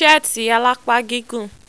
Síẹ̀tì alápá gígùn